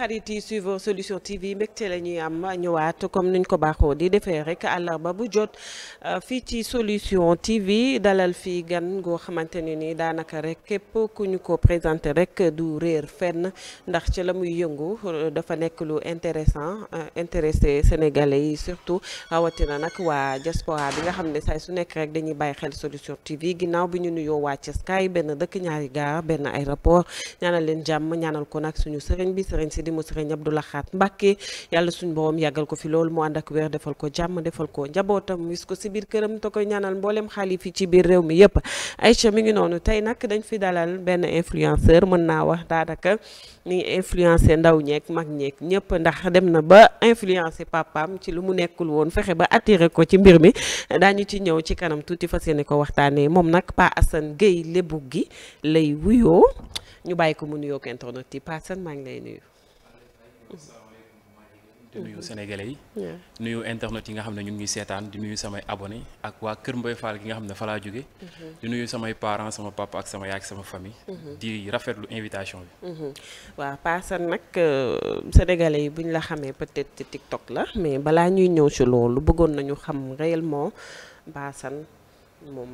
xarit yi suivre solution TV mbégte la ñuy am ñëwaat comme nuñ ko baaxoo di defee rek àllarba bu jot euh, fii ci solution TV dalal fii gan goo xamante ne nii daanaka rek képp ku ñu ko présenté rek du réer fenn ndax ci la muy yëngu euh, dafa nekk lu intéressant euh, intéressé sénégalais yi surtout rawatina nag waa diaspora bi nga xam ne saay su nekk rek dañuy bàyyi xel solution TV ginnaaw bi ñu nuyoo waa Cees benn dëkk ñaari gaar benn aéroport ñaanal leen di mu Serigne Abdou Lahat Mbacké yàlla suñ borom yàggal ko fi loolu moo ànd ak wér defal ko jàmm defal ko njabootam wis ko si biir këram te koy ñaanal mboolem xaalif yi ci biir réew mi yëpp Aïcha mi ngi noonu tey nag dañ fi dalal benn influenceur mën naa wax daanaka ni influencé ndaw ñeek mag ñeek ñëpp ndax dem na ba influencé papaam ci lu mu nekkul woon fexe ba attiré ko ci mbir mi daañu ci ñëw ci kanam tuuti fas ne ko waxtaanee moom nag Pa Assane Gueye lébu gi lay wuyoo ko mu nuyoo ko internet yi ngi lay di nuyu mhm. sénégalais yi. nuyu internet yi nga xam ne ñun ngi seetaan di nuyu samay abonné ak waa Kër Mbaye Fall gi nga xam ne fa laa jóge mhm. di nuyu samay parents sama papa ak sama yaay ak sama famille. Mhm. di rafetlu invitation bi. waaw paasan nag euh, sénégalais yi bu ñu la xamee peut-être ci TikTok la mais balaa ñuy ñëw ci loolu bëggoon nañu xam réellement paasan moom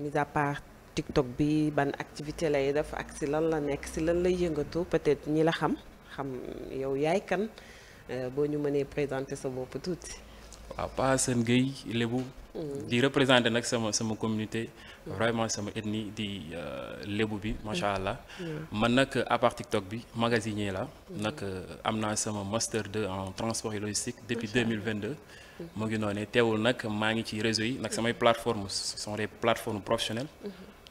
mis à part TikTok bi ban activité lay def ak si lan la nekk si lan lay yëngatu peut-être ñi la xam. xam yow yaay kan euh, boo ñu manee présenter sa bopp tuuti. waaw Pa Assane Gueye mm. di représenter nag sama sama communauté. Mm. vraiment sama ethnie di euh, Lébu bi macha allah. Mm. man nag à part TikTok bi magasinier la. Mm-hmm. nag euh, am naa sama master 2 en transport et logistique depuis 2022. Mm-hmm. mu ngi noonu teewul nag maa ngi ci réseau yi nag mm-hmm. samay plateformes ce sont des plateformes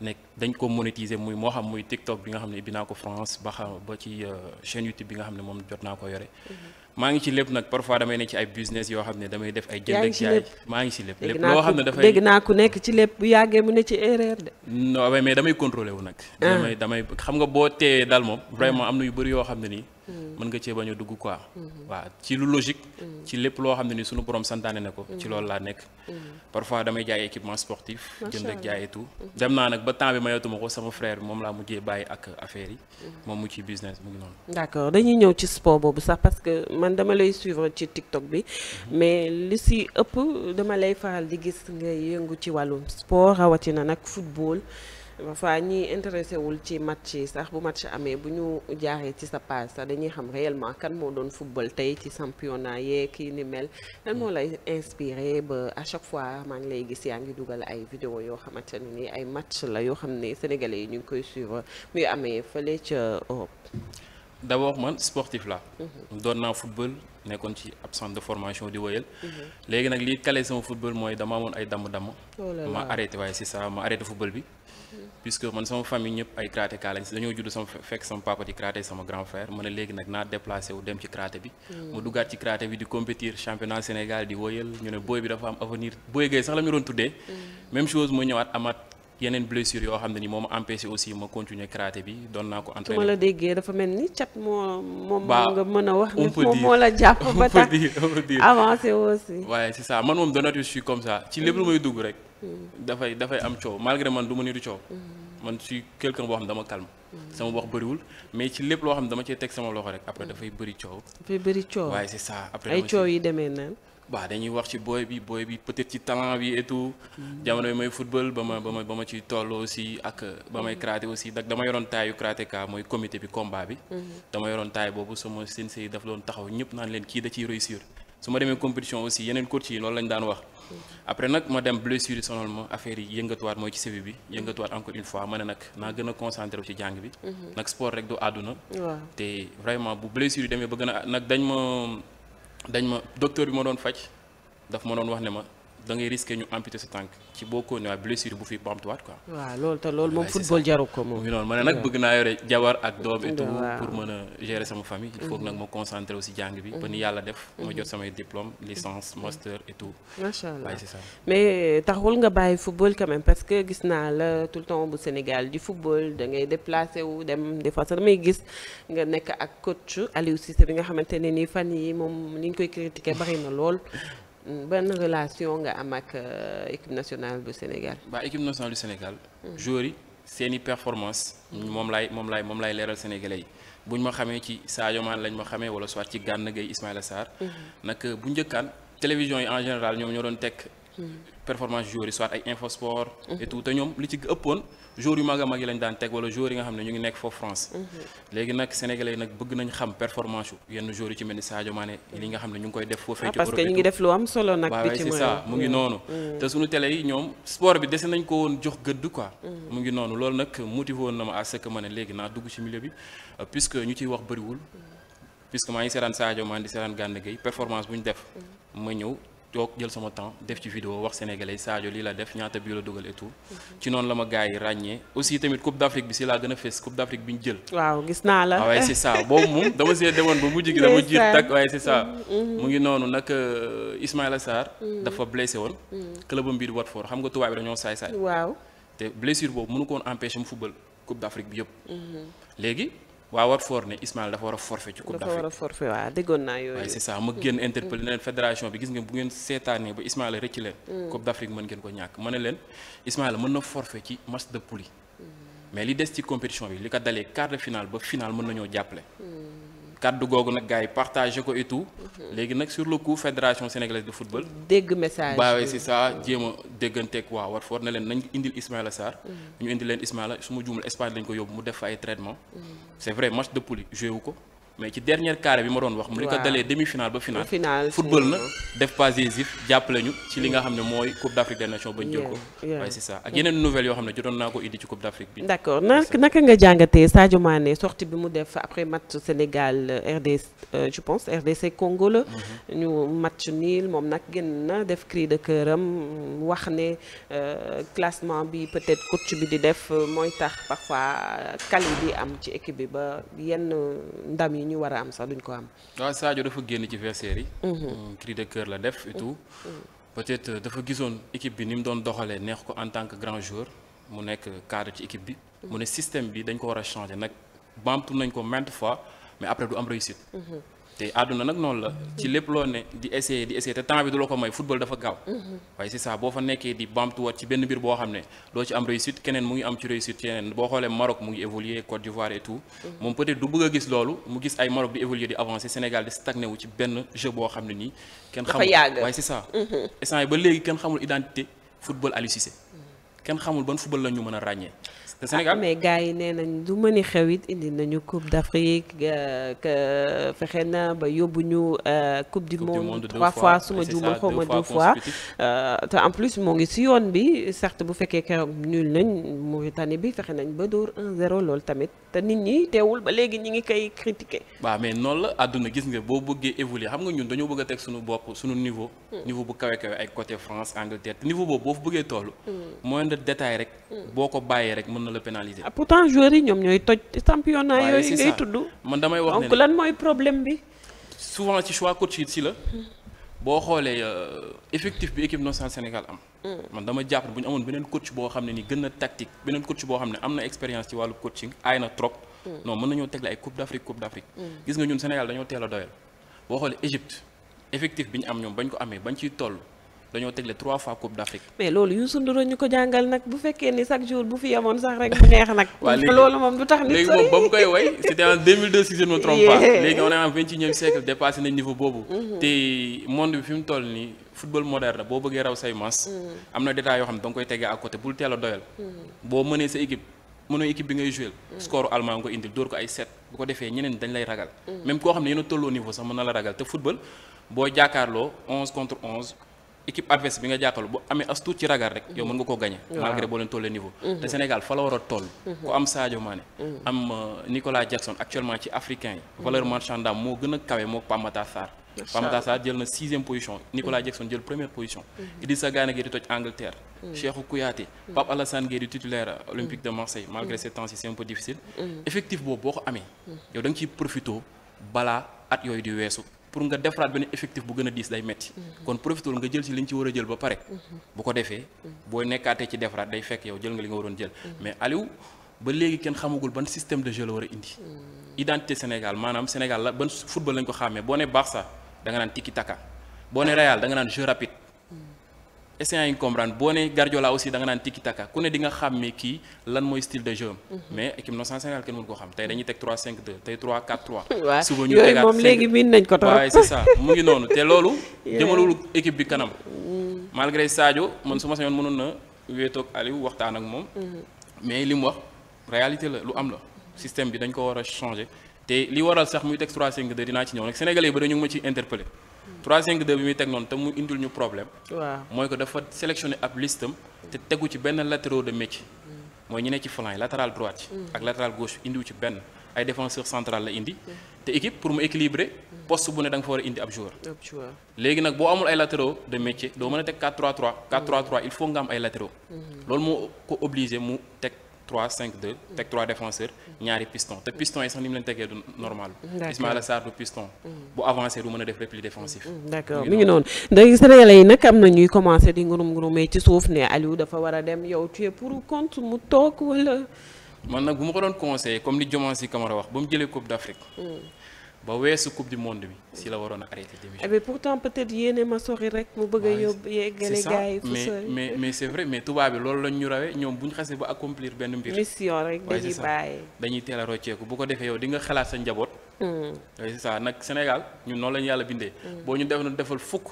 nekk dañ ko monétiser muy moo xam muy TikTok bi nga xam ne bi naa ko France ba xam ba ci euh, chaîne YouTube bi nga xam ne moom jot naa ko yore. Mm-hmm. maa ngi ci lépp nag parfois damay ne ci ay business yoo xam ne damay def ay. jënd ak jaay maa ngi ci lépp lépp loo xam ne dafay dégg naa ku nekk ci lépp bu yàggee mu ne ci erreur de. non mais damay contrôlé wu nag. Ah. damay damay xam nga boo tee dal moom. vraiment am na yu bëri yoo xam ne nii. Mm. mën nga cee bañ a dugg quoi. Mm-hmm. waaw ci lu logique. Mm. ci lépp loo xam ne ni suñu borom santaane na ko. ci mm-hmm. loolu laa nekk. Mm-hmm. parfois damay jaay équipement sportif. jënd ak jaay et tout. dem naa nag ba temps bi mayatuma ko sama frère moom laa mujjee bàyyi ak affaire yi. moom mu ci business mu ngi noonu. d'accord dañuy ñëw ci sport boobu sax parce que man dama lay suivre ci TikTok bi mais li si ëpp dama lay faral di gis ngay yëngu ci wàllum sport rawatina nag football. parfois ñi intéressé wul ci match yi sax bu match amee bu ñu jaaxee ci sa page sax dañuy xam réellement kan moo doon football tey ci championnat yee kii ni mel lan moo lay inspiré ba à chaque fois maa ngi lay gis yaa ngi dugal ay vidéo yoo xamante ne ni ay match la yoo xam ne sénégalais yi ñu ngi koy suivre muy amee fële ca Europe d'abord man sportif la mhm. doon naa football nekkoon ci ab de formation di wëyal mhm. léegi nag li kale sama football mooy dama amoon ay damm-damm oh ma arrêté waaye c'est ça ma arrêté football bi mhm. puisque man sama famille ñëpp ay karaté kaa lañ si dañoo judd sama fekk sama papa di karaté sama grand frère ma ne léegi nag naa déplacé dem ci karaté bi mu duggaat ci karaté bi di compétir championnat Sénégal di wëyal ñu ne booy bi dafa am avenir booy la ñu yeneen blessure yoo xam ne ni moo ma empêché aussi ma continuer karaté bi doon naa ko entraîner. su ma la déggee dafa mel ni cat moo. moom nga mën a wax. on peut moo la jàpp ba tax avancé aussi. waaye c' est ça man moom de nature je suis comme ça mm. dugg rek. Mm. dafay dafay am coow malgré man du ma nitu coow. Mm. man suis quelqu'un boo xam dama calme. sama wax bëriwul mais ci lépp loo xam ne dama cee teg sama loxo rek après dafay bëri coow. dafay bëri coow waaye c' est ça ay coow yi demee naan. waaw dañuy wax ci booy bi booy bi peut ci talent bi et jamono bi may football ba ma ba ma ci toll aussi ak ba may karaté aussi dak dama yoroon taay yu karatéka mooy comité bi mhm. dama yoroon taay boobu su ma demee compétition aussi yeneen coach yi loolu lañ daan wax. Mhm. après nag ma dem blessure yi ma affaire yëngatuwaat mooy ci sévi bi yëngatuwaat encore une fois ma ne nag naa gën a concentré wu ci jàng bi. Mhm. nag sport rek du àdduna. te vraiment dañ ma docteur bi ma doon faj dafa ma doon wax ne ma da ngay ñu amputé sa tànk ci boo ko ne waa blessure bu fi bamtuwaat quoi. waaw loolu te loolu moom football jaru ko moom. noonu ma ne nag naa yore jabar ak doom et pour mën a gérer sama famille. il nag ma concentré aussi jàng bi. ba ni yàlla def ma jot samay diplôme licence master et tout. macha allah waaye c'est ça. mais taxul nga bàyyi football quand parce que gis naa la tout le temps bu Sénégal di football da ngay déplacé wu dem des fois damay gis nga nekk ak coach Aliou Cissé bi nga xamante ne nii fan yi moom ni ñu koy critiqué bari na lool. Mm, ban relation nga am ak euh, équipe nationale bu Sénégal. waaw équipe nationale du Sénégal. Mm-hmm. joueurs yi seen performance mm-hmm. moom laay moom laay moom lay leeral sénégalais yi bu ñu ma xamee ci Sadio Mané lañ ma xamee wala soit ci Gana Gueye Ismaïla Sarr. Mm-hmm. nag euh, bu njëkkaan télévision yi en général ñoom ñoo doon tek performance joueurs yi soit ay infosport mhm. et tout te ñoom li ci ëppoon joueurs yu mag a mag yi lañ daan teg wala joueurs yi nga xam ne ñu ngi nekk foofu France mhm. léegi nag sénégalais yi nag bëgg nañ xam performance yu yenn joueurs yu ci mel ni Sadio Mané mhm. li nga xam ne ñu ngi koy def foofee ah, ci Europe ngi def lu am solo nag bi ci c'est ça mm. Mm. te suñu télé yi ñoom sport bi dese nañ ko woon jox gëdd quoi mm. mu ngi noonu loolu nag motivé woon na ma à ce que ne léegi naa dugg ci milieu bi euh, puisque ñu ci wax bëriwul puisque maa ngi seetaan Sadio Mané di seetaan Gana Gueye performance bu ñu def ma ñëw toog jël sama temps def ci vidéo wax sénégalais Sadio lii la def ñaata bi la dugal et ci noonu la ma gars yi ràññee aussi tamit coupe d'Afrique bi si laa gën a fës coupe d'Afrique bi ñu jël waaw gis naa la waaye ah c'est ça boobu moom dama see demoon ba mujj gi dama jiit tak waaye c'est ça mm-hmm, mm-hmm. mu ngi noonu nag euh, Ismaïla Sarr mm-hmm. dafa blessé woon clubam bii di Watford xam nga tubaab bi dañoo saay saay waaw te blessure boobu mënu koon empêcher mu football coupe d'Afrique bi yëpp léegi waa Watford ne Ismaël dafa war a forfait ci coupe d'Afrique dafa war a forfait waaw déggoon naa yooyu. waaye c'est ça ma génn interpellé leen fédération bi gis nga bu ngeen seetaanee ba Ismaël rëcc leen. Mm. coupe d'Afrique mën ngeen ko ñàkk ma ne leen Ismaël mën na forfait ci match de poule mm. mais li des ci compétition bi li ko dalee quart de finale ba final mën nañoo jàppale. Mm. kàddu googu nag gars yi partagé ko et tout. Mhm. léegi nag sur le coup fédération sénégalaise de football. dégg message baawe si saa jéem a dégganteeg waa Watford ne leen nañ indil Ismaïla Sarr. Mhm. ñu indi leen Ismaïla su ma juumul Espagne lañ ko yóbbu mu def fa ay traitement. Mhm. c' vrai match de poule joué ko. mais ci dernier carré bi ma doon wax. mu li ko dalee demi finale ba finale. finale football na def pas décisif jàppale ñu ci li nga mm. xam ne mooy Coupe d' Afrique des Nations ba ñu jël ko. waaye c' est ça ak yeneen nouvelles yoo xam ne jotoon naa ko indi ci Coupe d' Afrique bi. d' accord naka nga jàngatee Sadio Mané sortie bi mu def après match Sénégal euh, RDC euh, je pense RDC Congo la. Mm-hmm. ñu match niil moom nag génn na def cri de cœur am wax ne euh, classement bi peut-être coach bi di def mooy tax parfois qualité bi am ci équipe bi ba yenn ndam yi. yi ñu war a am sax duñ ko am. waaw Sadio dafa génn ci vestiaire yi. Mhm. Euh, cri de cœur la def et tout. Mhm. peut-être euh, dafa gisoon équipe bi ni mu doon doxalee neex ko en tant que grand joueur mu nekk cadre ci équipe bi. Mhm. mu ne système bi dañ ko war a changer nag baamtu nañ ko maintes fois mais après du am réussite. te àdduna nag noonu la ci lépp loo ne di essayer di essayer te temps bi du la ko may football dafa gaaw mm-hmm. waaye c'est ça boo fa nekkee di bamtuwaat ci benn mbir boo xam ne doo ci am réussite keneen mu ngi am ci réussite yeneen boo xoolee Maroc mu ngi évoluer Côte d'Ivoire et tout mm-hmm. moom peut du bëgg a gis loolu mu gis ay Maroc di évoluer di avancer Sénégal di stagné wu ci benn jeu boo xam ne nii kenn xamul waaye c'est ça mm-hmm. instant yi ba léegi kenn xamul identité football Aliou Cissé kenn xamul ban football la ñu mën a ràññee te Sénégal ah, mais gars yi nee nañ du mën xew it indi nañu Coupe d'Afrique euh, fexe na ba yóbbu ñu euh, Coupe du monde trois fois su ma juumal xaw ma deux fois euh, te en plus moo ngi si yoon bi certes bu fekkee keroog nul nañ Mauritanie bi fexe nañ ba dóor 1-0 loolu tamit te nit ñi teewul ba léegi ñi ngi koy critiquer. waaw mais noonu la àdduna gis nga boo bëggee évoluer xam nga ñun dañoo bëgg a teg suñu bopp suñu niveau. Hmm. niveau bu kawe kawe ay côté France Angleterre niveau boobu boo bëggee toll. Hmm. moyen de détail rek. Mm. boo ko bàyyee rek mën na la pénaliser. Ah, pourtant joueurs yi ñoom ñooy toj championnat yooyu ngay tudd. man damay wax ne donc souvent ci choix coach yi si la. Mm. boo xoolee euh, effectif bi équipe nationale Sénégal am. Mm. man dama jàpp bu ñu amoon beneen coach boo xam ne ni gën na tactique beneen coach boo xam ne am na expérience ci wàllu coaching aay na trop. non mën nañoo tegle ay coupe d' Afrique coupe d' Afrique. gis nga ñun Sénégal dañoo teel doyal. boo xoolee Égypte bi am ñoom bañ ko amee bañ dañoo tegle trois fois coupe d' Afrique. mais loolu Youssou Ndour ñu ko jàngal nag bu fekkee ni chaque jour bu fi yemoon sax rek mu neex nag. loolu moom du tax nit. léegi ba mu koy way c' était boo bëggee raw say mas. Mm-hmm. am na détails yoo xam ne da nga koy teggee à côté bul teel a doyal. Mm-hmm. boo mënee sa équipe. mënoo équipe bi ngay joué. Mm-hmm. score allemand nga indil dóor ko ay set bu ko defee ñeneen dañ lay ragal. même koo xam ne yéen a tolloo niveau sax mën na la ragal te football boo jàkkaarloo 11 équipe adverse bi nga jàkkaarloo bu amee as tuut ci ragal rek yow mën nga koo gagné malgré boo leen tollee niveau mhm. te Sénégal fa la war a toll mhm. ku am Sadio Mané mhm. am euh, Nicolas Jackson actuellement ci africain yi valeur marchande moo gën a kawe moo Pape Matar Sarr Pape Matar Sarr jël na sixième position Nicolas Jackson jël première position Idrissa Gana Gueye di toj Angleterre Cheikhou Kouyaté Pape Alassane Gueye di titulaire euh, Olympique de Marseille malgré ces boo ko amee yow da nga ciy profito balaa yooyu di weesu pour nga defaraat benn effectif bu gën a diis day metti kon profitool nga jël ci li ñu ci war a jël ba pare bu ko defee booy nekkaatee ci defaraat day fekk yow jël nga li nga waroon jël mais Aliou ba léegi kenn xamagul ban système de jeu la war a indi identité Sénégal maanaam Sénégal la ban football lañ ko xàmmee boo ne Barça da nga naan tiki taka boo ne Real da nga naan jeu essayant yi comprendre boo ne Guardiola aussi da nga naan tiki taka ku ne di nga xàmmee kii lan mooy style de jeu mhm. mais équipe nationale Sénégal kenn mënu ko xam tey dañuy teg 3 5 2 tey 3 4 3. suba ñu tegaat moom léegi miin nañ ko trop waaye c'est ça mu ngi noonu te loolu. jëmalul équipe bi kanam. Mm. malgré Sadio man su ma sañoon mënoon na wéetoog Aliou waxtaan ak moom. Mm-hmm. mais li mu wax réalité la lu am la système bi dañ ko war a changer te li waral sax muy teg 3 5 2 dinaa ci ñëw nag sénégalais yi 352 bi muy teg noonu te mu indil ñu problème. mooy que dafa sélectionné ab listam te tegu ci benn latéraux de métier. Mm. mooy ñu ci flanc yi latéral droite. Mm. ak latéral gauche indiwu ci benn ay défenseur central la indi. Mm. te équipe pour mu équilibrer poste bu ne da fa war a indi ab joueur. léegi nag boo amul ay latéraux de métier doo mën a teg 4-3-3. 4-3-3 il faut nga am ay latéraux. loolu moo ko obligé mu teg. 3 5 2 teg 3 défenseurs ñaari piston te piston yi sax ni mu leen tegee du normal Ismaïla Sarr du piston bu avancé du mën a def repli défensif mm, d'accord mi ngi noonu ndax sénégalais yi nag am na ñuy commencé di ngurum ngurumee ci suuf ne Aliou dafa war a dem yow tu es pour compte mu toog wala man nag bu ma ko doon conseillé comme li Diomansy Kamara wax ba mu jëlee Coupe d'Afrique mm. ba weesu coupe du monde bi si la waroon a arrêté démission. mais eh pourtant peut-être yéene ma sori rek. mu bëgg yóbbu yeggale gars mais mais mais tubaab bi loolu lañ ñu rawee ñoom bu ñu xasee ba accomplir benn mbir. mission rek dañuy bàyyi rocceeku bu ko defee yow di nga xalaat sa njaboot. Hmm. c'est ça nag Sénégal ñun noonu lañu yàlla bindee. Hmm. boo ñu def na defal fukk.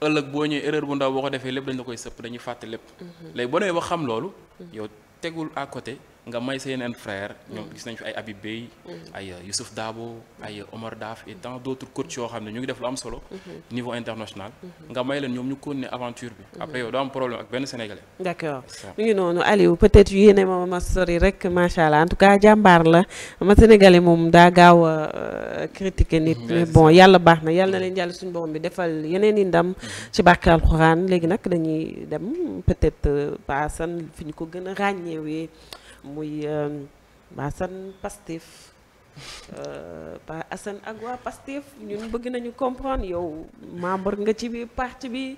ëllëg boo ñëwee erreur bu ndaw boo ko defee lépp dañ la koy sëpp dañuy fàtte lépp. Hmm. léegi boo demee ba xam loolu. yow tegul côté. nga may sa yeneen frère mm. ñoom gis nañ fi ay Habib Bey mm. ay euh, Youssouf Dabo ay euh, Omar Daf et tant d' autres coachs yoo xam ne ñu ngi def lu am solo mm-hmm. niveau international mm-hmm. nga may leen ñoom ñu continuer aventure bi après mm-hmm. yow doo am problème ak benn sénégalais d' accord mu ngi noonu Aliou peut être yéene ma ma sori rek macha allah en tout cas jàmbaar la ma sénégalais moom daa gaaw a euh, critiquer nit bon yàlla baax na yàlla na leen jàll suñu borom bi defal yeneen i ndam ci barke léegi nag dañuy dem peut être paasan fi ñu ko gën a ràññeewee muy waa euh, san Pastef pa euh, Assane ak waa Pastef ñun bëgg nañu comprendre yow membre nga ci biir parti bi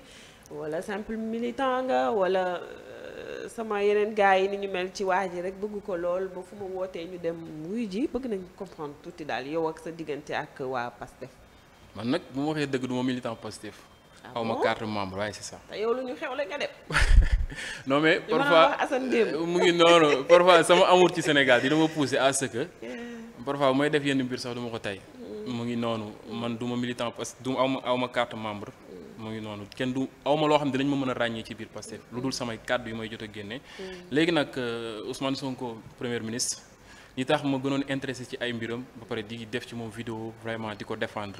wala simple militant nga wala euh, sama yeneen gars yi ni ñu mel ci waa ji rek bëgg ko lool ba fu ma wootee ñu dem wuy ji bëgg nañu comprendre tuuti daal yow ak sa diggante ak waa Pastef. man nag bu ma waxee dëgg du ma militant Pastef. Ah aw ma carte membre waaye c'est ça. te yow lu ñu xew la dem. non mais parfois mu ngi noonu sama amour ci Sénégal dina ma pousser à ce que. parfois mooy def yenn mbir sax du ma ko tey. Mm. mu ngi noonu man du ma militant parce que du aw ma aw ma carte membre. mu ngi noonu kenn du aw ma loo xam ne dinañ ma mën a ràññee ci biir Pastef lu dul samay kàddu yu may jot a génne. Mm. léegi nag euh, Ousmane Sonko premier ministre ñi tax ma gënoon intéressé ci ay mbiram ba pare di def ci moom vidéo vraiment di ko défendre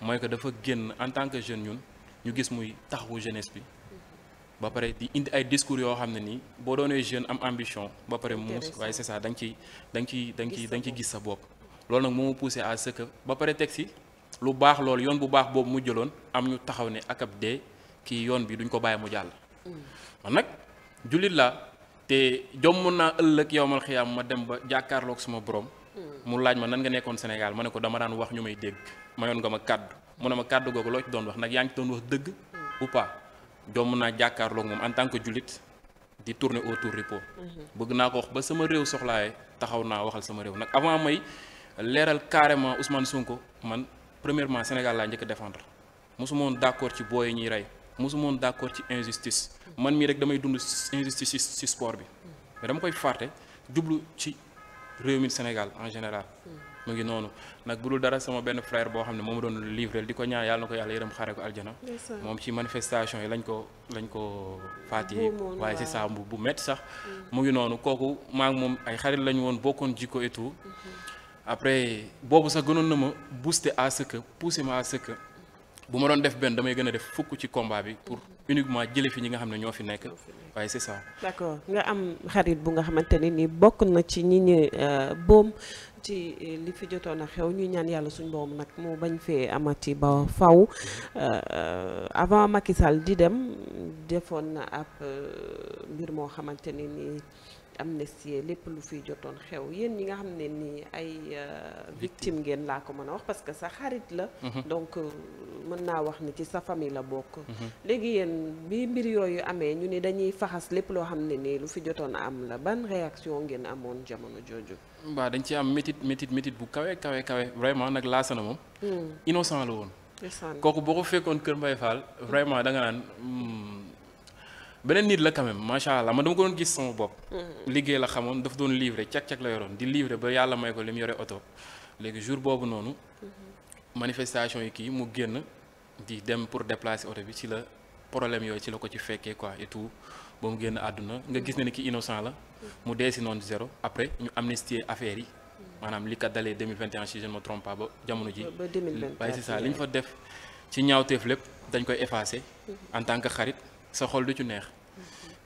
mooy que dafa génn en tant que jeune ñun. ñu gis muy taxawu jeunesse bi ba pare di indi ay discours yoo xam ne nii boo doonee jeune am ambition ba pare muus waaye c'est ça da nga ciy da nga ciy da ciy da nga gis sa bopp loolu nag moo ma à ce que ba pare teg si lu baax loolu yoon bu baax boobu mu jëloon am ñu taxaw ne akab dee kii yoon bi duñ ko bàyyi mu jàll mm. man nag jullit laa te jomm naa ëllëg yowmal xiyaam ma dem ba jàkkaarloog suma borom mm. mu laaj ma nan nga nekkoon Sénégal ma ne ko dama daan wax ñu may dégg mayoon ma kàddu mu ne ma kàddu googu loo ci doon wax nag yaa ngi doon wax dëgg ou pas doom mën naa jàkkaarloog moom en tant que julit di tourner autour du pot mhm. bëgg naa ko wax ba sama réew soxlaaye taxaw naa waxal sama réew nag avant may leeral carrément Ousmane Sonko man premièrement Sénégal laa njëkk a défendre mosuma woon d'accord ci booy ñuy rey mosuma woon d'accord ci injustice man mii rek damay dund injustice ci sport bi mhm. mais dama koy fàtte jublu ci réew mi Sénégal en général mhm. mu ngi noonu nag bu dul dara sama benn frère boo xam ne moom doon livreel di ko ñaan yàlla na ko yàlla yërëm xare ko aljana moom ci manifestation yi lañ ko lañ ko faatee waaye c'est ça bu bu sax mm. mu ngi noonu kooku maa moom ay xarit lañ woon bokkoon jikko et tout mm-hmm. après boobu sax gënoon na ma booster à ce que ma à bu ma doon def benn damay gën a def fukk ci combat bi pour mm-hmm. uniquement jële fi ñi nga xam ne ñoo fi ne ni bokk na ci ñi ñu euh, boom ci eh, li fi jotoon na xew ñuy ñaan yàlla suñ boroom nag mu bañ fee amati ba faw euh, avant Macky Sall di dem defoon na ab euh, mbir moo xamante ne nii amnistie lépp lu fi jotoon xew yéen yi nga xam ne nii ay euh, victime ngeen laa ko mën a wax parce que sa xarit la mhm. donc euh, mën naa wax ni ci sa famille la bokk mhm. léegi yéen bi mbir yooyu amee ñu ni dañuy faxas lépp loo xam ne nii lu fi jotoon am la ban réaction ngeen amoon jamono jooju waa dañ ci am métit métit métit bu kawee kawe kawe vraiment nag laasana moom hmm. innocent la woon kooku boo ko fekkoon Kër Mbaye Fall vraiment da naan hmm, beneen nit la quand même macha allah man dama ko doon gis sama bopp. Mm-hmm. liggéey la xamoon daf doon livrer càq-càq la yoroon di livrer ba yàlla may ko li mu yore oto léegi jour boobu noonu. Mm-hmm. manifestation yi kii mu génn di dem pour déplacer auto bi ci la problème yooyu ci la ko ci fekkee quoi et tout ba mu génn àdduna nga gis ne ni ki innocent la. Mm-hmm. mu dee si noonu zéro après ñu amnistier affaire yi. maanaam li kat dalee 2021 si je ne me trompe ba jamono ji ba 2024 waaye c'est ça ñu fa def ci ñaawteef lépp dañ koy effacer. en tant que xarit sa xol du ci neex.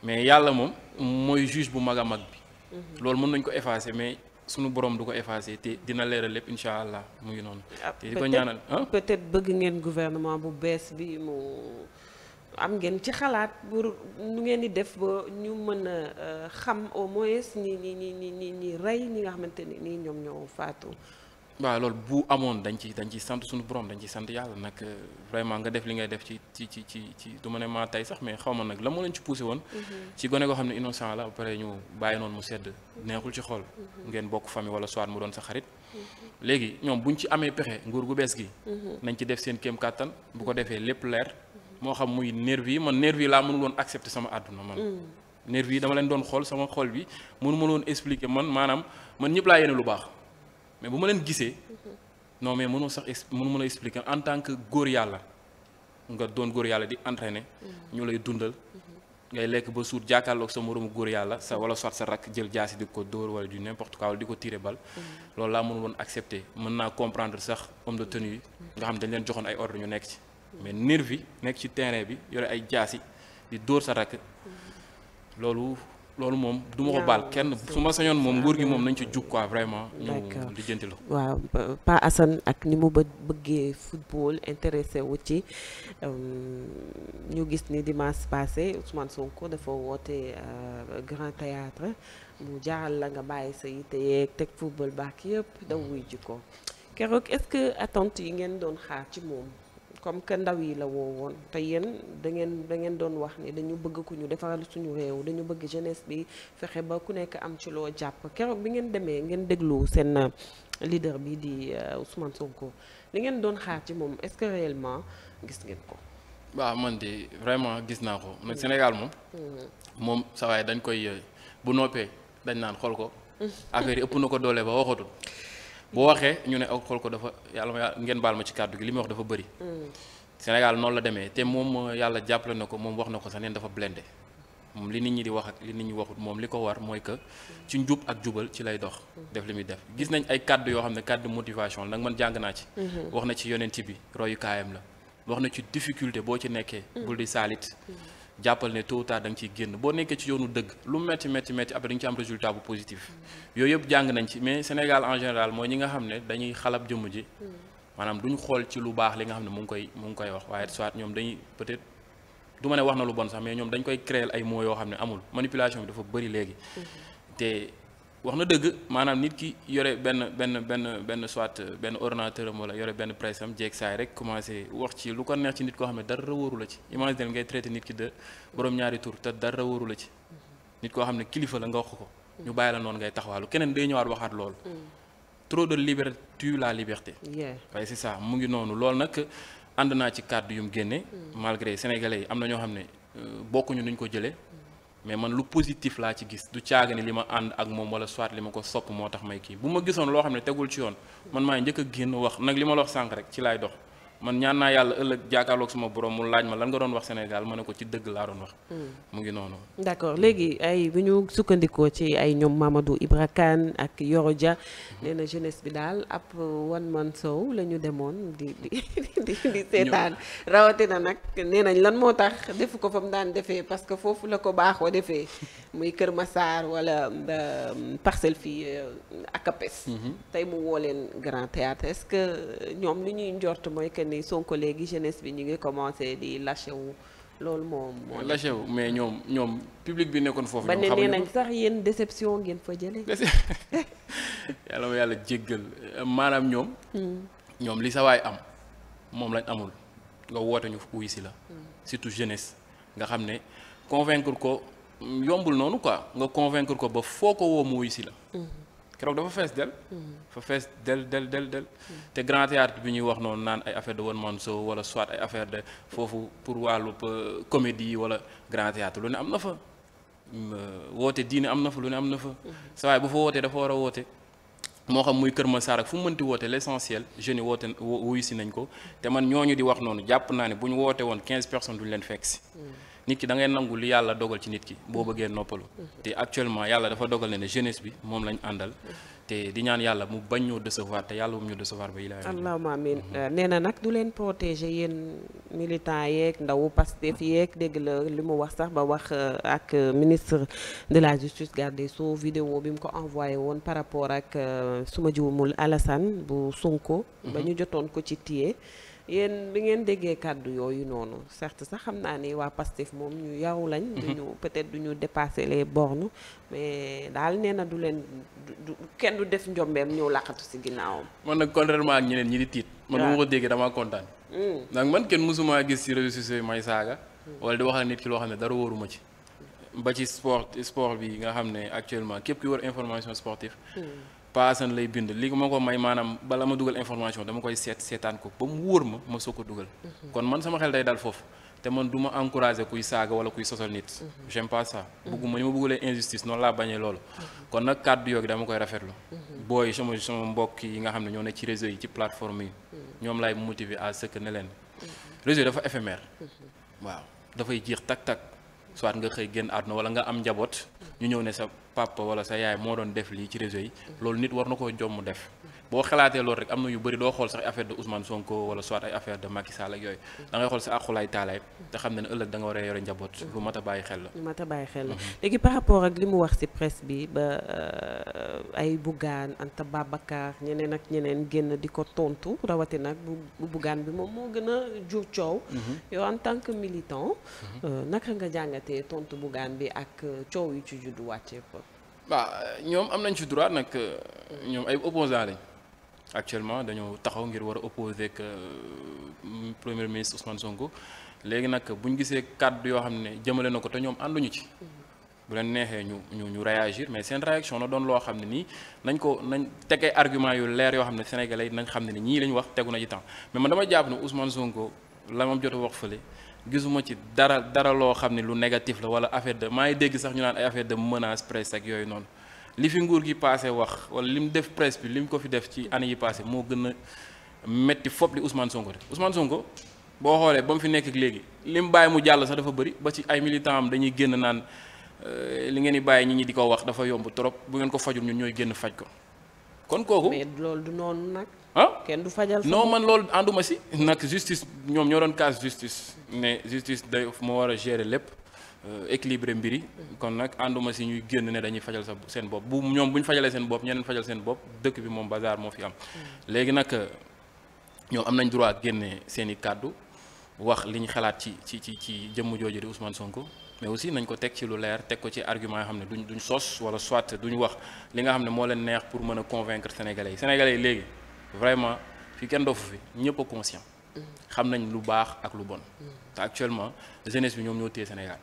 mais yàlla moom mooy juge bu mag a mag bi loolu mën nañ ko effacer mais suñu borom du ko effacer te dina leeral lépp incha allah mu ngi noonu ah, te di ko ñaanal peut-être bëgg ngeen gouvernement bu bees bi mu am ngeen ci xalaat pour nu ngeen di def ba ñu mën a euh, xam au moins ñi nii nii ñi ñi ñi rey ñi nga xamante ni nii ñoom ñoo faatu waaw loolu bu amoon dañ ci dañ ci sant suñu borom dañ ci sant yàlla nag euh, vraiment nga def li ngay def ci ci ci ci ci ma ne maa tey sax mais xaw ma nag la moo leen ci poussé woon mhm. ci gone goo xam ne innocent la après ñu bàyyi noonu mu sedd mhm. neexul ci xol mhm. ngeen bokk famille wala soit mu doon sa xarit léegi ñoom buñ ci amee pexe nguur gu bees gi nañ ci def seen kéem kàttan bu ko defee lépp leer moo xam muy nervi yi man nervi yi laa mënul woon accepter sama àdduna man nervi yi dama leen doon xool sama xool bi mënu ma loon expliquer man maanaam man ñëpp laa yéene lu baax mais bu ma leen gisee no mais mënoo sax ex mënu ma la expliquer en tant que góor yàlla nga doon góor yàlla di entraîner ñu lay dundal ngay lekk ba suur jàkkaarloog sa moromu góor yàlla sa wala soit sa rakk jël jaasi di ko dóor wala du n'importe quoi wala di ko tirer bal loolu laa mënul woon accepter mën naa comprendre sax homme de tenue yi nga xam dañ leen joxoon ay ordre ñu nekk ci mais nervi nekk ci terrain bi yore ay jaasi di dóor sa rakk loolu loolu moom du ma ko baal kenn su ma sañoon moom nguur gi moom nañ ci jug quoi vraiment. ñu lijjanti la waaw Pa assan ak ni mu bëggee football intéressé wu ci euh, ñu gis ni dimanche passé Ousmane ko dafa woote euh, grand théâtre mu jaaral la nga bàyyi sa yite yeeg teg football baax yëpp daw wuy ji ko keroog est-ce que attente yi ngeen doon xaar ci moom. comme que ndaw yi la woo woon te yéen da ngeen da ngeen doon wax ni dañu bëgg ku ñu defaral suñu réew dañu bëgg jeunesse bi fexe ba ku nekk am ci loo jàpp keroog bi ngeen demee ngeen déglu seen euh, leader bi di euh, Ousmane Sonko li ngeen doon xaar ci moom est-ce que réellement gis ngeen ko. waaw man de vraiment gis naa ko mm. nag Sénégal moom. Mm. moom sa dañ koy euh, bu noppee dañ naan xool ko. affaire yi ëpp na ko doole ba waxatul. boo waxee ñu ne xool ko dafa yàlla ma ngeen baal ma ci kàddu gi li muy wax dafa bari hmm. Sénégal noonu la demee te moom yàlla jàppale na ko moom wax na ko sax neen dafa blende moom li nit ñi di wax ak li nit ñi waxut moom li ko war mooy que ci njub ak jubal ci lay dox. Hmm. def li muy def gis nañ ay kàddu yoo xam ne kàddu motivation la nag man jàng naa ci. Hmm. wax na ci yonent bi royukaayam la wax na ci difficulté boo ci nekkee. bul di saalit. jàppal ne tôt ou tard da nga ciy génn boo nekkee ci yoonu dëgg lu metti metti metti après da ci am résultat bu positif yooyu yëpp jàng nañ ci mais Sénégal en général mooy ñi nga xam ne dañuy xalab jëmm ji maanaam duñ xool ci lu baax li nga xam ne mu ngi koy mu ngi koy wax waaye soit ñoom dañuy peut-être du ma ne wax na lu bon sax mais ñoom dañ koy créer ay mots yoo xam ne amul manipulation bi dafa bëri léegi mm-hmm. te wax na dëgg maanaam nit ki yore benn benn benn benn soit euh, benn ordinateur am wala yore benn presse am jeeg saay rek commencé wax ci lu ko neex ci nit koo xam ne dara wóoru la ci imaginer ngay traité nit ki de borom ñaari tur te dara warula ci nit koo xam ne kilifa la nga wax ko ñu bàyyi la noonu ngay taxawaalu keneen day ñëwaat waxaat lool mm. trop de liberté tue la liberté waaye c'est ça mu ngi noonu loolu nag ànd naa ci kàddu yum mu génne mm. malgré sénégalais yi am na ñoo xam ne euh, bokkuñu nuñ ko jëlee mm. mais man lu positif laa ci gis du caaga ne li ma ànd ak moom wala soit li ma ko sopp moo tax may kii bu ma gisoon loo xam ne tegul ci yoon man maa njëkk a génn wax nag li ma la wax sànq rek ci laay dox man ñaan naa yàlla ëllëg jàkkaarloog suma borom mu laaj ma lan nga doon wax Sénégal ma ne ko ci dëgg laa doon wax. Hmm. mu ngi noonu. d' accord léegi ay bu ñu sukkandikoo ci ay ñoom Mamadou Ibra Kane ak Yoro Dia. Hmm. nee na jeunesse bi daal ab one man show la ñu demoon di di di di seetaan rawatina nag nee nañ lan moo tax defu ko fa mu daan defee parce que foofu la ko baaxoo defee muy Kër Massar wala parcelle fii euh, ak APES. Hmm. tey mu woo leen Grand Théâtre est que ñoom li ñuy njort ni Sonko léegi jeunesse bi ñu ngi commencé di lâché wu loolu moom moo lâché wu mais ñoom ñoom public bi nekkoon foofu ba ne nee nañ sax yéen déception ngeen fa jëlee yàlla ma yàlla jéggal maanaam ñoom hmm. ñoom li sa waay am moom lañ amul nga woote ñu wuy si la hmm. surtout jeunesse nga xam ne convaincre ko yombul noonu quoi nga convaincre ko ba foo ko woo mu wuy si la hmm. keroog dafa fees del hmm. fa fees del del del del hmm. te grand théâtre bi ñuy wax noonu naan ay affaire de one man show wala soit ay affaire de foofu pour wàllu euh, comédie wala grand théâtre lu ne am na fa hmm, euh, woote diine am na fa lu ne am na fa sa waay bu fa wootee dafa war a woote moo xam muy Kër Masar ak fu mu mënti woote l' essentiel jeunes woote wuyu si nañ ko te man ñoo ñu di wax noonu jàpp naa ne bu ñu woote woon quinze personnes duñu leen fekk si nit ki da ngay nangu lu yàlla dogal ci nit ki boo bëggee noppalu te actuellement yàlla dafa dogal ne ne jeunesse bi moom lañ àndal te di ñaan yàlla mu bañ ñoo décevoir te yàlla moom ñu décevoir ba ilaa allahumma amin mhm. euh, nee na nag du leen protéger yéen militants yeeg ndawu Pastef yeeg dégg la li mu wax sax ba wax euh, ak euh, ministre de la justice garde des sceaux vidéo bi mu ko envoyé woon par rapport ak suma jiwumul Alassane bu Sonko mhm. ba ñu jotoon ko ci tiye yéen bi ngeen déggee kàddu yooyu noonu certes sax xam naa ni waa Pastef moom ñu yaru lañ mhm. duñu peut-être ñu dépasser les bornes mais daal nee na du leen du kenn du def njombeem ñëw laqatu si ginnaawam man nag contrairement ak ñeneen ñi di tiit man bu ma ko déggee damaa kontaan mm. ndax man kenn mosumaa gis si réseaux sociaux may saaga mm. wala di wax ak nit ki loo xam ne dara waruma ci ba ci sport sport bi nga xam ne actuellement képp ki war information sportive mm. paasan lay bind li ma ko may maanaam bala ma dugal information dama koy seet seetaan ko ba mu wóor ma ma soog ko dugal. Mhm. kon man sama xel day dal foofu te man du ma encourager kuy saaga wala kuy sosal nit. Mhm. j'aime pas ça. Mhm. bëgguma ni ma bëggulee injustice noonu laa bañee loolu. kon nag kàddu yooyu dama koy rafetlu. booy sama sama mbokk yi nga xam ne ñoo ne ci réseau yi ci plateforme yi. ñoom laay motiver à ce que ne leen. réseau yi dafa éphémère. waaw dafay jeex tak tak soit nga xëy génn àdduna wala nga am njaboot. ñu ñëw ne sa papa wala sa yaay moo doon def lii ci réseau yi mm-hmm. loolu nit war na koo jomm def boo xalaatee loolu rek am na yu bëri doo xool sax affaire de Ousmane Sonko wala soit ay affaire ak yooyu mm-hmm. da ngay xool sa àqulaay taalaay te xam ne ne ëllëg da nga war a yore njaboot mm-hmm. lu mat a bàyyi xel la lu mat a bàyyi xel la mm-hmm. léegi par rapport ak li mu wax ci presse bi ba euh, ay Bougane Anta Babacar ñeneen ak ñeneen génn di ko tontu rawati nag bu Bougane bi moom moo gën a jur coow yow en tant que militant euh, naka nga jàngatee tontu Bougane bi ak euh, coow yu ci juddu wàccee ko waa ñoom am nañ ci droit nag mm. ñoom ay opposant lañ actuellement dañoo taxaw ngir war a opposer ak euh, premier ministre Ousmane Sonko léegi nag bu ñu gisee kàddu yoo xam ne jëmale na ko te ñoom ñu ci. bu leen neexee ñu ñu ñu réagir mais seen réaction na doon loo xam ne nii nañ ko nañ teg ay argument yu leer yoo xam ne sénégalais nañ xam ne ni ñii lañ wax tegu na ci temps mais man dama jàpp ne Ousmane Sonko la ma jot a wax fële gisuma ci dara dara loo xam ne lu négatif la wala affaire de maa ngi dégg sax ñu naan ay de menace presse ak yooyu noonu. li fi nguur gi paase wax wala li mu def presse bi li mu ko fi def ci année yi paase moo gën a métti fopp li Ousmane Sonko def Ousmane Sonko boo xoolee ba mu fi nekk ak léegi li mu bàyyi mu jàll sax dafa bëri ba ci ay militant am dañuy génn naan euh, li ngeen di bàyyi ñi ñi di ko wax dafa yomb trop bu ngeen ko fajul ñun ñooy génn faj ko kon kooku. mais loolu du noonu nag. ah kenn du fajal. noo man loolu ànduma si. nag justice ñoom ñoo doon casse justice ne justice day moo war a gérer lépp. Euh, équilibré mbir yi kon nag ànduma si ñuy génn ne dañuy fajal sa seen bopp bu ñoom bu ñu fajalee seen bopp ñeneen fajal seen bopp dëkk bi moom bazar moo fi am. Mm. léegi nag euh, ñoom am nañ droit génne seen i kàddu wax li ñu xalaat ci ci ci ci jëmm jooju di Ousmane Sonko. mais aussi nañ ko teg ci lu leer teg ko ci argument a xam ne duñ duñ sos wala soit duñ wax li nga xam ne moo leen neex pour mën a convaincre sénégalais yi sénégalais yi léegi vraiment fi kenn doofu fi ñëpp a xam nañ lu baax ak lu bon te actuellement jeunesse bi ñoom ñoo téye Sénégal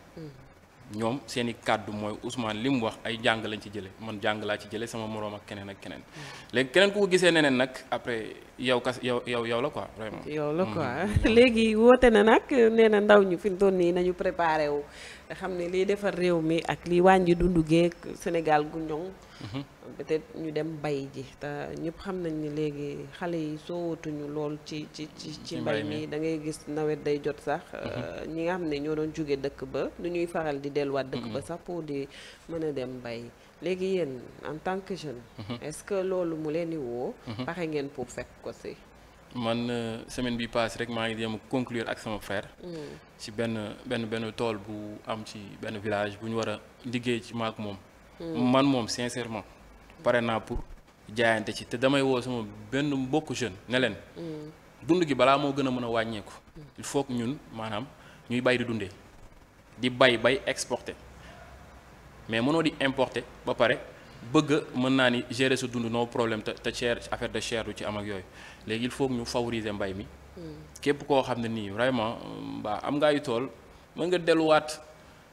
ñoom seen i kàddu mooy Ousmane li mu wax ay jàng lañ ci jële man jàng laa ci jële sama moroom ak keneen ak keneen mm. léegi keneen ko ko gisee neneen nag après yow kas yow yow yow la quoi vraiment la quoi mm. léegi woote na nag nee na ndaw ñu fi doon nii nañu préparé wu xam ne liy defar réew mi ak liy wàññi dundu geeg Sénégal gu ñoŋ peut-être ñu dem bay ji te ñëpp xam nañ ni léegi xale yi soowatuñu lool ci ci ci ci mbay mi da ngay gis nawet day jot sax mhm. euh, ñi nga xam ne ñoo doon jóge dëkk ba du ñuy faral di delluwaat dëkk ba mhm. sax pour di mën a dem bay léegi yéen en tant que jeune mhm. est-ce que loolu mu leen di woo pare ngeen pour fekk ko si man euh, semaine bi paase rek maa ngi dem conclure ak sama frère. Mm. ci benn benn benn tool bu am ci benn village bu ñu war a liggéey ci maak moom. man moom sincèrement pare naa pour jaayante ci te damay woo sama benn mbokku jeune na leen. dund gi balaa moo gën a mën a wàññeeku. il faut que ñun maanaam ñuy bay di dundee di bay bay exporter mais mënoo di importer ba pare bëgg mën naa ni gérer sa dund noo problème te te cher affaire de chair du ci am ak yooyu léegi il faut que ñu favoriser mbay mi. képp koo xam ne nii vraiment mbaa am nga ay tool mën nga delluwaat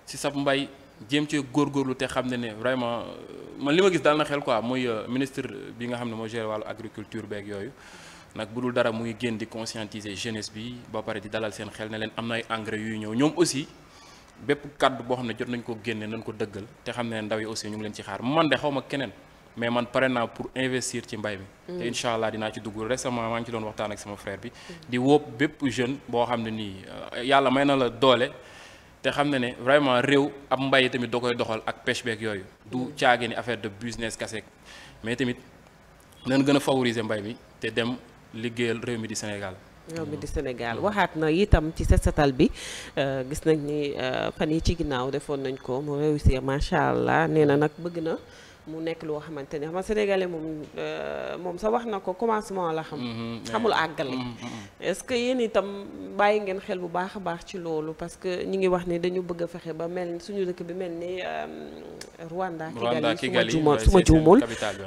ci sab mbay. jéem cee góorgóorlu te xam ne ne vraiment euh, man li ma gis daal na xel quoi muy euh, ministre bi nga xam ne moo géré wàllu agriculture beeg yooyu nag bu dul dara muy génn di conscientiser jeunesse bi ba pare di dalal seen xel ne leen am na ay engrais yuy ñëw ñoom aussi bépp kàddu boo xam ne jot nañ ko génne nañ ko dëggal te xam ne ndaw yi aussi ñu ngi leen ci xaar man de xaw ma keneen mais man pare naa pour investir ci mbay mi. Mm. te incha allah dinaa ci dugg récemment maa ngi ci doon waxtaan ak sama frère bi. di wóob xam ne nii euh, yàlla may na la doole. te xam na ne vraiment réew ab mbay tamit da koy doxal ak pêche beeg yooyu du caagi ni affaire de business kese mais tamit nañ gën a favoriser mbay mi te dem liggéeyal réew mi di Sénégal. réew mi di Sénégal waxaat na itam ci set setal bi euh, gis nañ ni euh, fan yi ci ginnaaw defoon nañ ko mu réussir macha allah nee na nag bëgg na. mu nekk loo xamante ni xam sénégalais moom euh, moom sa wax na ko commencement la xam. Mhm, xamul àggale. Mhm, mhm, est-ce que yéen itam bàyyi ngeen xel bu baax a baax ci loolu parce que ñu ngi wax ni dañu bëgg a fexe ba mel suñu dëkk bi mel ni Rwanda. Euh, Rwanda Kigali su ma juumul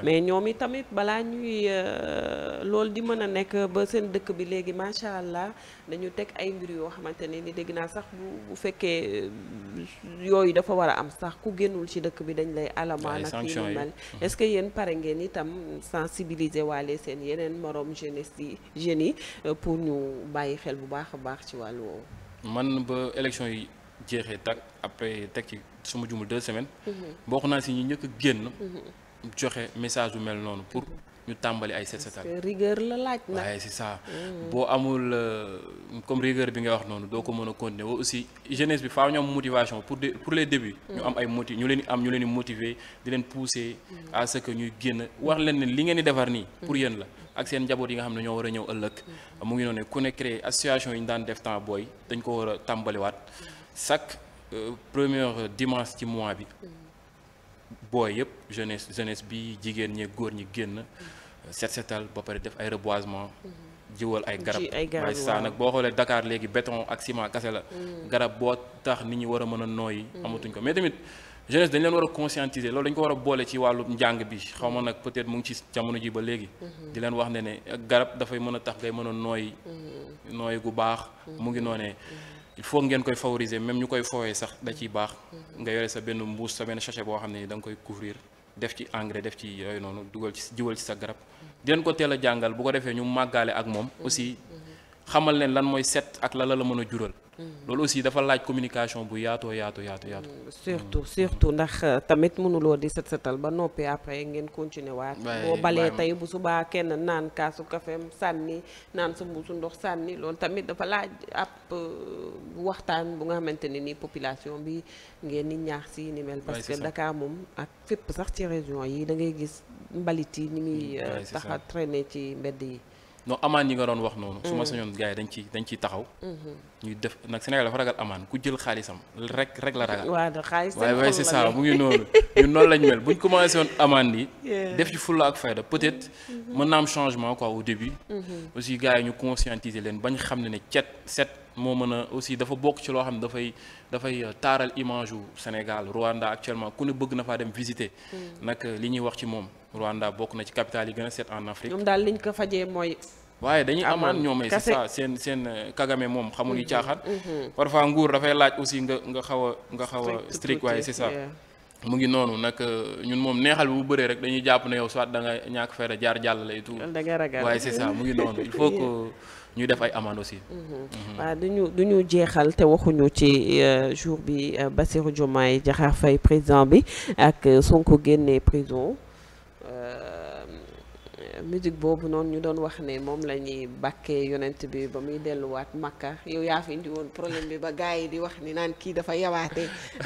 mais ñoom itamit balaa ñuy euh, loolu di mën a nekk ba seen dëkk bi léegi macha allah. dañu teg ay mbir yoo xamante ne ni dégg naa sax bu bu fekkee euh, yooyu dafa war a am sax ku génnul ci dëkk bi dañ lay alamaan ak yi ñu mel est-ce que yéen pare ngeen itam sensibiliser waale seen yeneen moroom jeunesse si jeunes yi euh, pour ñu bàyyi xel bu baax a baax ci wàllu woowu man ba élection yi jeexee tak après teg ci suma jumul deux semaines bokk naa si ñu njëkk génn joxe message bu mel noonu pour ñu tàmbali ay set setal rigueur la laaj nag waaye c'est ça mm. boo amul euh, comme rigueur bi nga wax noonu doo ko mën a continuer wa aussi jeunesse bi faaw ñu am motivation pour de pour les débuts mm. ñu am ay moti ñu leen am ñu leen di motiver di leen pousser mm. à ce que ñuy génn wax leen ne li ngeen di defar nii pour yéen la ak seen njaboot yi nga xam ne ñoo war a ñëw ëllëg mu ngi noonu ku ne créé association yi ñu daan def temps booy dañ ko war a tàmbaliwaat chaque euh, première dimanche ci mois bi booy yëpp jeunesse jeunesse bi jigéen ñi góor ñi génn set setal ba pare def ay reboisement mm-hmm. jiwal ay garab waaye saa nag boo xoolee Dakar léegi béton ak ciment kase la mm-hmm. garab boo tax nit ñi war a mën a nooyi mm-hmm. amatuñ ko mais tamit jeunesse dañ leen war a conscientiser loolu dañ ko war a boole ci wàllu njàng bi xaw ma nag peut-être mu ngi ci jamono ji ba léegi di leen wax ne ne garab dafay mën a tax ngay mën a nooy nooyi gu baax mu ngi noonee il faut ngeen koy favoriser même ñu koy foowee sax da baax nga yore sa benn mbuus sa benn sachet boo xam ne da nga koy couvrir def ci engrais def ci yooyu noonu dugal ci sa garab di ko teel a jàngal bu ko defee ñu màggaale ak moom aussi xamal leen lan mooy set ak la la la mën a jural. Mm. loolu aussi dafa laaj communication bu yaatoo yaatu yaatu yaatu. Mm, surtout surtout ndax euh, tamit mënuloo di set setal ba noppi après ngeen continuer waat. boo balee tey bu subaa kenn naan kaasu kafeem sànni naan sa mbuusu ndox sànni loolu tamit dafa laaj ab euh, waxtaan bu nga xamante ne ni population bi ngeen ni ñaax si ni mel. parce que Dakar moom ak fépp sax ci région yi da ngay gis mbalit yi ni muy. Mm, euh, tax a traîner ci mbedd yi. non amaan yi nga doon wax noonu. su ma mm. sañoon gars yi dañ ciy dañ ciy taxaw. Mm-hmm. ñuy def nag Sénégal dafa ragal amaan ku jël xaalisam rek rek la ragal. waaw xaalis waaye waaye c'est ça mu ngi noonu ñun noonu lañ mel buñ commencé woon amaan yi. def ci fulla ak fayda peut-être mm-hmm. mën naa am changement quoi au début. Mm-hmm. aussi gars yi ñu conscientiser leen bañ xam ne ne cet set moo mën a aussi dafa bokk ci loo xam ne dafay dafay euh, taaral image yu Sénégal Rwanda actuellement ku ne bëgg na faa dem visiter. Mm. nag euh, li ñuy wax ci moom. Rwanda bokk na ci capital yi gën a set en Afrique. ñoom daal liñ ko fajee mooy. waaye dañuy amaan ñoom c'est ça seen euh, Kagame moom xamul yu mm-hmm. mm-hmm. parfois nguur dafay laaj aussi nga nga a nga xaw a strict waaye c'est ça. mu ngi noonu nag euh, ñun moom neexal bi bu rek dañuy jàpp ne yow soit da nga ñàkk fayda jaar jàll lay tout waaye c'est ça mu ngi noonu il faut que ñu def ay amende aussi mm-hmm. waaw duñu du ñu jeexal te waxuñu ci euh, jour bi Bassirou Diomaye Diakhar Faye président bi ak Sonko génnee prison musique boobu noonu ñu doon wax ne moom la ñuy bàkkee yonent bi ba muy delluwaat Makka yow yaa fi indi woon problème bi ba gars yi di wax ni naan kii dafa yawaate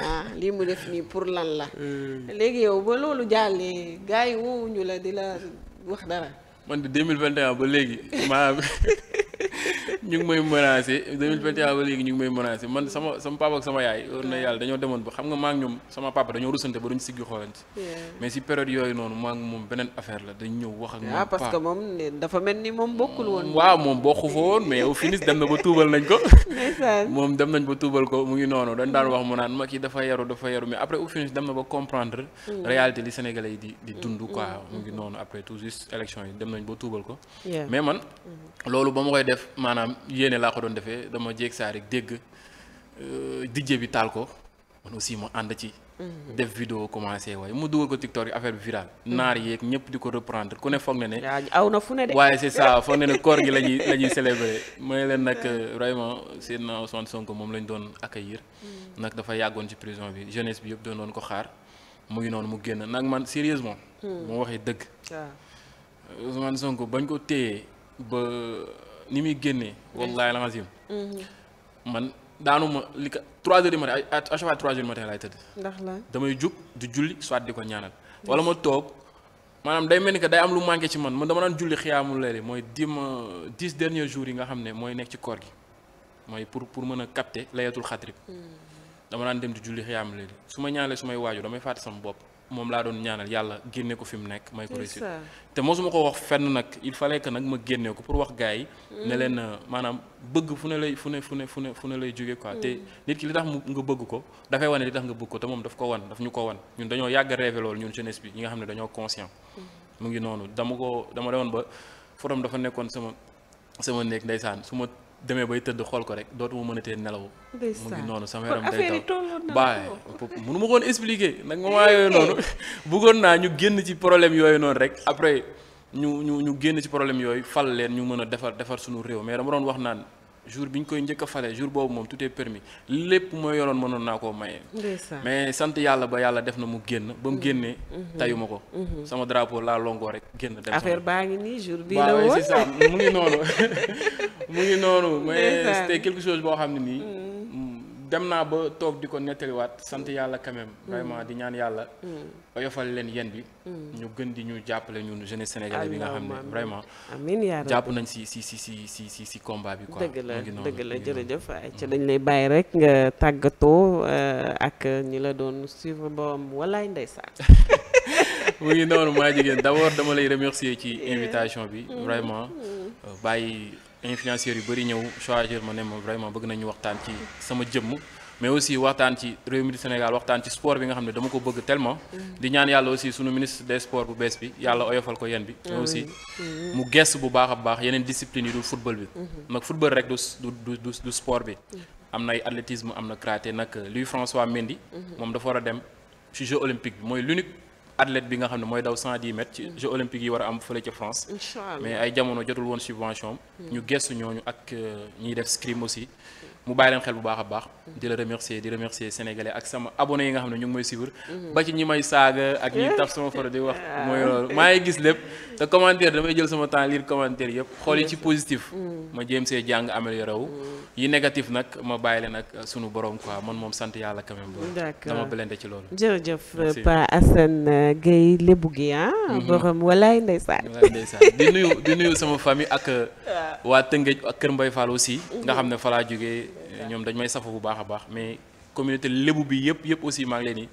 ah lii mu def nii pour lan la. Hmm. léegi yow ba loolu jàllee gars yi woowuñu la di la wax dara. man de 2021 ba léegi maa ñu ngi may menacé 2021 ba léegi ñu ngi may menacé man sama sama papa ak sama yaay wër na yàlla dañoo demoon ba xam nga maak ñoom sama papa dañoo rusante ba duñ siggi xoolante mais si période yooyu noonu maa ngi moom beneen affaire la dañ ñëw wax ak moom ah moom dafa mel ni moom bokkul woon waaw mais yow dem na ba tuubal nañ ko moom dem nañ ba tuubal ko mu ngi noonu dañ daan wax mu naan ma kii dafa yaru dafa yaru mais après dem na ba comprendre mm. réalité li sénégalais yi di di dund mm, quoi mm, yi dem nañ ba tuubal ko mais man mm-hmm. loolu ba ma koy def maanaam yéene laa ko doon defee dama jéeg saa rek dégg euh, dijje bi taal ko man aussi ma ànd ci mm-hmm. def vidéo commencé waaye mu dugal ko TikTok yi affaire bi viral mm-hmm. naar yeeg ñëpp di ko reprendre ku ne foog na ne aw na fu ne de waaye c'est ça foog na ne koor gi la ñuy la ñuy célébrer mooy leen nag euh, vraiment na Ousmane Sonko moom lañ doon accueillir nag dafa yàggoon ci prison bi jeunesse bi yëpp doon doon ko xaar mu noonu mu génn nag Ousmane Sonko bañ ko téyee ba ni muy génnee wallaahi lazim mhm. man daanu ma li ka trois heures du matin à chaque fois laay tëdd. ndax la damay jug di julli soit di ko ñaanal. wala ma toog maanaam day mel ni que day am lu manqué ci man man dama daan julli xiyaamu leeli mooy dim dix derniers jours yi nga xam ne mooy nekk ci koor gi mooy pour pour mën a capter layatul xatrib mhm. dama daan dem di julli xiyaamu leeli su ma ñaanalee su may waajur damay fàtte sama bopp. moom laa doon ñaanal yàlla génne ko fi mu nekk may ko réussir te mosuma ko wax fenn nag il fallait que nag ma génne ko pour wax gaa yi mm. ne leen euh, maanaam bëgg fu ne lay fu ne fu ne fu ne fu ne lay jóge quoi te mm. nit ki li tax nga bëgg ko dafay wane li tax nga bëgg ko te moom daf ko wan daf ñu ko wan ñun dañoo yàgg a rêvé loolu ñun jeunesse bi ñi nga xam ne dañoo conscient mm. mu ngi noonu dama ko dama demoon ba forom dafa nekkoon sama sama néeg ndeysaan su ma demee bay tëdd xool ko rek dootu dootuma mënatee nelaw. mu ngi noonu sama yaram day taw baay mënu ma koon expliquer nag ma waa yooyu noonu bëggoon naa ñu génn ci problème yooyu noonu rek après ñu ñu ñu génn ci problème yooyu fal leen ñu mën a defar defar suñu réew mais dama doon wax naan jour bi ñu koy njëkk a fale jour boobu moom tout est permis lépp mooy yoroon mënoon naa koo maye. mais sant yàlla ba yàlla def na mu génn ba mu génnee. Mhm. tayu ma ko. Mhm. sama drapeau laa longoo rek génn. dem affaire baa ngi nii jour bii la woon mu ngi noonu mu ngi noonu. mais c'était quelque chose boo xam ne nii. Mhm. dem naa ba toog di ko nettaliwaat sant mm. yàlla quand même. Mm. vraiment di ñaan yàlla. Mm. oyofal leen yéen bi. ñu gën di ñu jàppale ñun jeunesse sénégalais bi nga xam ne jàpp nañ si si si si si si si combat bi. quoi dëgg la dëgg la jërëjëf ay ca dañ lay bàyyi rek nga tàggatoo euh, ak ñi la doon suivre boom walaay ndeysaan. mu ngi noonu maa jigéen d'abord dama lay remercier ci invitation bi. vraiment euh, bàyyi. influenceurs yu bëri ñëw choisir ma ne ma vraiment bëgg nañu waxtaan ci sama jëmm mais aussi waxtaan ci réew mi Sénégal waxtaan ci sport bi nga xam ne dama ko bëgg tellement mm. di ñaan yàlla aussi sunu ministre des sports bu bees bi yàlla oyofal ko yéen bi mm. mais aussi mm. mu gestu bu baax a baax yeneen discipline yi du football bi mm-hmm. nag football rek du du bi am na ay am na karaté nag Louis François Mendy mm-hmm. moom dafa war a dem ci olympique bi mooy athlète bi nga xam ne mooy daw 110 mètres ci jeux olympiques yi war a am fële ca France mais ay jamono jotul woon subvention hmm. ñu gestu ñooñu ak euh, ñiy def scrim aussi mu bàyyi leen xel bu baax a baax di la remercier di remercier sénégalais ak sama abonné yi nga xam ne ñu ngi may suivre mhm. ba ci ñi may saaga ak ñi taf sama foro di wax mooy loolu maa ngi gis lépp te commentaire damay jël sama temps lire commentaire yëpp xool yi ci positif mhm. ma jéem see jàng amélioré wu mhm. yi négatif nag ma bàyyi leen ak sunu borom quoi man moom sant yàlla quand même loolu dama belente ci loolu jërëjëf Pa Assane euh, Gueye lébu gi ah borom walaay di sama famille ak waa Tëngéej ak Kër Mbay Fall aussi nga xam ne falaa laa ñoom dañ may safu bu baax a baax mais communauté lébu bi yëpp yëpp aussi maa ngi leen di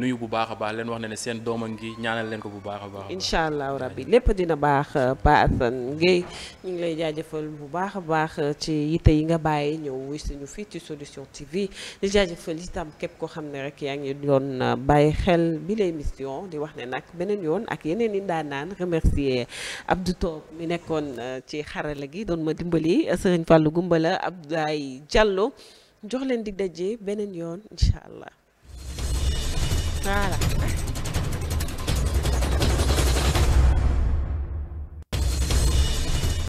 nuyu bu baax a baax leen wax na ne seen doom ngi ñaanal leen ko bu baax a baax. incha allahu rabbi lépp dina baax euh, Pa Assane Gueye ñu ngi lay jaajëfal bu baax a baax euh, ci yitte yi nga bàyyi ñëw wuy suñu fii ci solution TV di jaajëfal tam képp koo xam ne rek yaa ngi doon euh, bàyyi xel bi lay émission di wax ne nag beneen yoon ak yeneen i ndaanaan remercier Abdou Top mi nekkoon ci xarala gi doon ma dimbali Serigne Fallou Gumbala Abdoulaye Diallo. jox leen dig daje beneen yoon incha allah voilà.